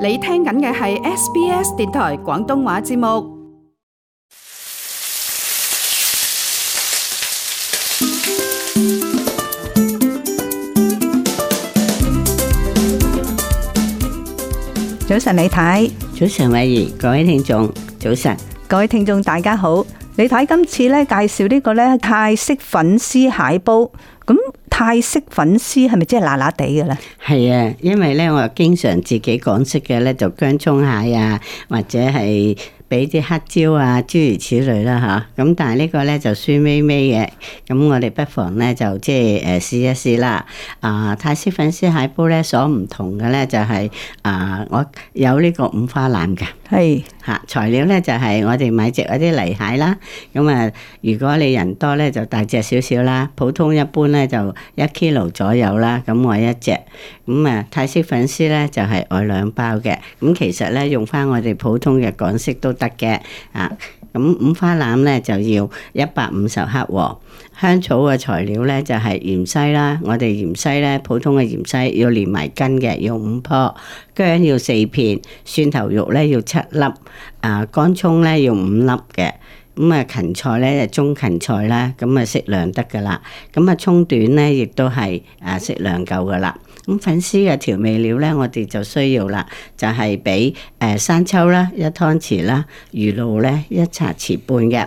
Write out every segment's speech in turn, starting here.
你聽緊嘅係 SBS 電台廣東話節目。早晨，李太。早晨，偉儀，各位聽眾，早晨，各位聽眾，大家好。李太今次咧介紹呢個咧泰式粉絲蟹煲，咁。泰式粉絲係咪即係辣辣地㗎喇？係啊，因為咧我經常自己講食嘅咧，就薑蔥蟹啊，或者係。俾啲黑椒啊，諸如此類啦、啊、吓，咁但係呢個咧就酸微微嘅。咁我哋不妨咧就即係誒試一試啦。啊、呃，泰式粉絲蟹煲咧所唔同嘅咧就係、是、啊、呃，我有呢個五花腩嘅。係嚇是、啊、材料咧就係、是、我哋買隻嗰啲泥蟹啦。咁、嗯、啊，如果你人多咧就大隻少少啦。普通一般咧就一 kilo 左右啦。咁我一隻。咁、嗯、啊，泰式粉絲咧就係、是、我兩包嘅。咁、嗯、其實咧用返我哋普通嘅港式都。得嘅啊，咁、嗯、五花腩咧就要一百五十克，香草嘅材料咧就係、是、芫茜啦，我哋芫茜咧普通嘅芫茜要連埋根嘅，要五棵薑要四片，蒜頭肉咧要七粒，啊乾葱咧要五粒嘅，咁啊芹菜咧就中芹菜啦，咁啊適量得噶啦，咁啊葱短咧亦都係啊適量夠噶啦。咁粉絲嘅調味料咧，我哋就需要啦，就係俾誒生抽啦一湯匙啦，魚露咧一茶匙半嘅，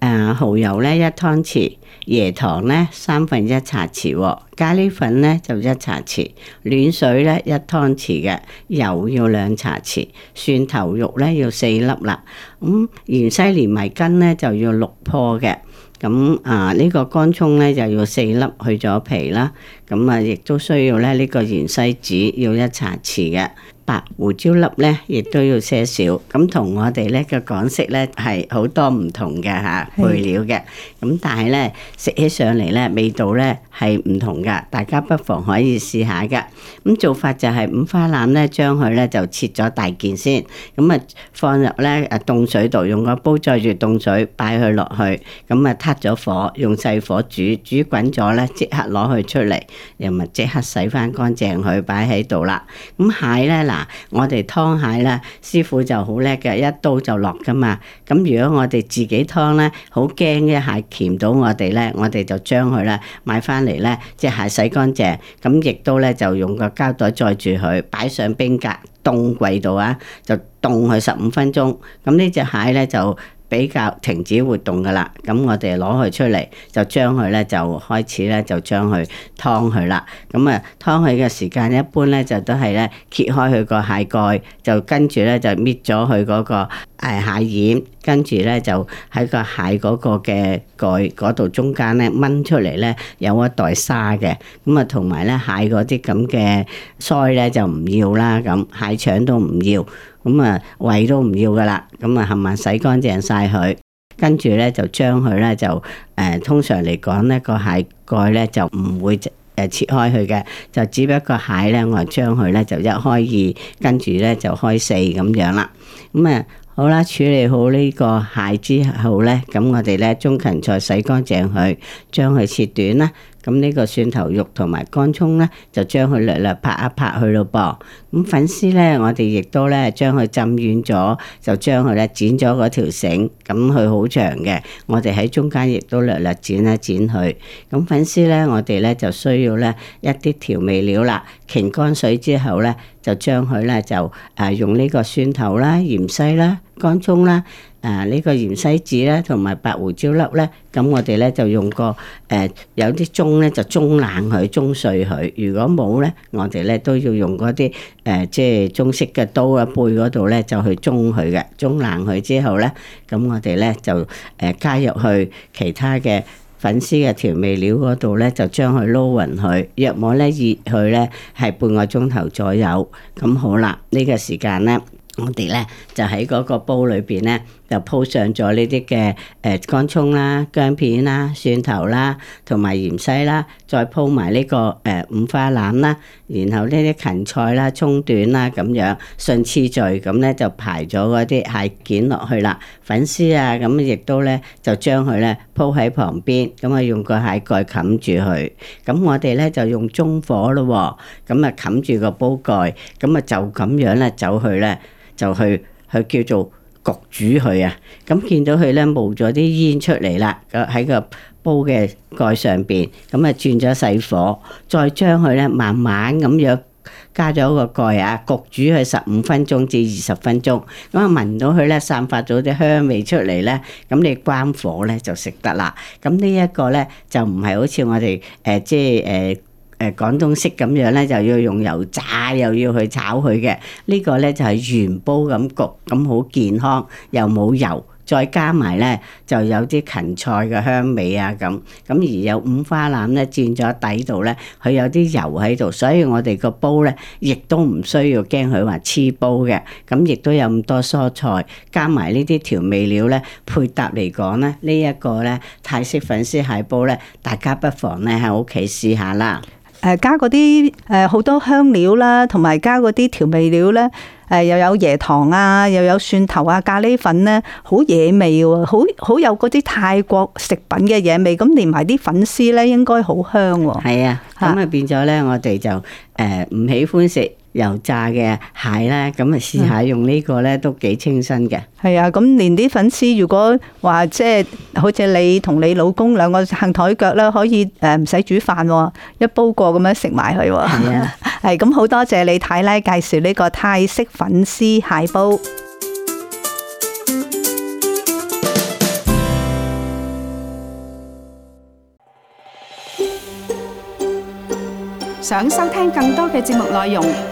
誒蠔油咧一湯匙，椰糖咧三分一茶匙，咖喱粉咧就一茶匙，暖水咧一湯匙嘅，油要兩茶匙，蒜頭肉咧要四粒啦，咁芫茜連埋根咧就要六棵嘅，咁啊呢個乾葱咧就要四粒去咗皮啦。咁啊，亦都需要咧呢個芫茜籽，要一茶匙嘅白胡椒粒咧，亦都要些少。咁同我哋咧嘅港式咧係好多唔同嘅吓，的配料嘅。咁但係咧食起上嚟咧味道咧係唔同㗎，大家不妨可以試下㗎。咁做法就係五花腩咧，將佢咧就切咗大件先。咁啊放入咧凍水度，用個煲載住凍水，擺佢落去。咁啊，撻咗火，用細火煮，煮滾咗咧即刻攞佢出嚟。又咪即刻洗翻乾淨佢擺喺度啦。咁、嗯、蟹咧嗱，我哋劏蟹咧，師傅就好叻嘅，一刀就落噶嘛。咁、嗯、如果我哋自己劏咧，好驚隻蟹鉗到我哋咧，我哋就將佢咧買翻嚟咧，隻蟹洗乾淨，咁、嗯、亦都咧就用個膠袋載住佢，擺上冰格凍櫃度啊，就凍佢十五分鐘。咁、嗯、呢、嗯、隻蟹咧就比較停止活動㗎喇，咁我哋攞佢出嚟，就將佢咧就開始咧就將佢劏佢啦，咁啊劏佢嘅時間一般咧就都係咧揭開佢個蟹蓋，就跟住咧就搣咗佢嗰個，誒蟹殼，跟住咧就喺個蟹嗰個嘅蓋嗰度中間咧掹出嚟咧，有一袋沙嘅。咁啊，同埋咧蟹嗰啲咁嘅腮咧就唔要啦，咁蟹腸都唔要，咁啊胃都唔要噶啦。咁啊，冚唪唥洗乾淨晒佢，跟住咧就將佢咧就誒、呃、通常嚟講咧個蟹蓋咧就唔會誒切開佢嘅，就只不過蟹咧我就將佢咧就一開二，跟住咧就開四咁樣啦。咁、嗯、啊～好啦，處理好呢個蟹之後咧，咁我哋咧中芹菜洗乾淨佢，將佢切短啦。咁呢個蒜頭肉同埋乾葱咧，就將佢略略拍一拍去咯噃。咁粉絲咧，我哋亦都咧將佢浸軟咗，就將佢咧剪咗嗰條繩，咁佢好長嘅，我哋喺中間亦都略略剪一剪佢。咁粉絲咧，我哋咧就需要咧一啲調味料啦，擎乾水之後咧。就將佢咧就誒、啊、用呢個蒜頭啦、芫茜啦、乾葱啦，誒、啊、呢、這個芫茜籽啦，同埋白胡椒粒咧。咁我哋咧就用個誒、呃、有啲舂咧就舂爛佢舂碎佢。如果冇咧，我哋咧都要用嗰啲誒即係中式嘅刀啊背嗰度咧就去舂佢嘅舂爛佢之後咧，咁我哋咧就誒、呃、加入去其他嘅。粉絲嘅調味料嗰度咧，就將佢撈勻佢，若果咧熱佢咧係半個鐘頭左右，咁好啦，呢個時間咧。我哋咧就喺嗰個煲裏邊咧，就鋪上咗呢啲嘅誒乾葱啦、薑片啦、蒜頭啦，同埋芫茜啦，再鋪埋呢個誒五花腩啦，然後呢啲芹菜啦、葱段啦咁樣順次序咁咧就排咗嗰啲蟹件落去啦，粉絲啊咁亦都咧就將佢咧鋪喺旁邊，咁啊用個蟹蓋蓋冚住佢，咁我哋咧就用中火咯喎、哦，咁啊冚住個煲蓋，咁啊就咁樣咧走去咧。就去去叫做焗煮佢啊，咁、嗯、見到佢咧冒咗啲煙出嚟啦，喺個煲嘅蓋上邊，咁啊轉咗細火，再將佢咧慢慢咁樣加咗個蓋啊，焗煮佢十五分鐘至二十分鐘，咁、嗯、啊聞到佢咧散發咗啲香味出嚟咧，咁、嗯、你關火咧就食得啦。咁、嗯、這個、呢一個咧就唔係好似我哋誒、呃、即係誒。呃誒、呃、廣東式咁樣咧，就要用油炸，又要去炒佢嘅。這個、呢個咧就係、是、原煲咁焗，咁好健康，又冇油。再加埋咧就有啲芹菜嘅香味啊，咁咁而有五花腩咧墊咗底度咧，佢有啲油喺度，所以我哋個煲咧亦都唔需要驚佢話黐煲嘅。咁亦都有咁多蔬菜，加埋呢啲調味料咧，配搭嚟講咧，這個、呢一個咧泰式粉絲蟹煲咧，大家不妨咧喺屋企試下啦。誒加嗰啲誒好多香料啦，同埋加嗰啲調味料呢，誒又有椰糖啊，又有蒜頭啊，咖喱粉呢，好惹味喎，好好有嗰啲泰國食品嘅惹味，咁連埋啲粉絲呢，應該好香喎。係啊，咁啊變咗呢，我哋就誒唔喜歡食。油炸嘅蟹啦，咁啊試下用呢個咧都幾清新嘅。係啊，咁連啲粉絲如果話即係，好似你同你老公兩個行台腳咧，可以誒唔使煮飯，一煲過咁樣食埋佢。係啊，係咁好多謝你太太介紹呢個泰式粉絲蟹煲。想收聽更多嘅節目內容。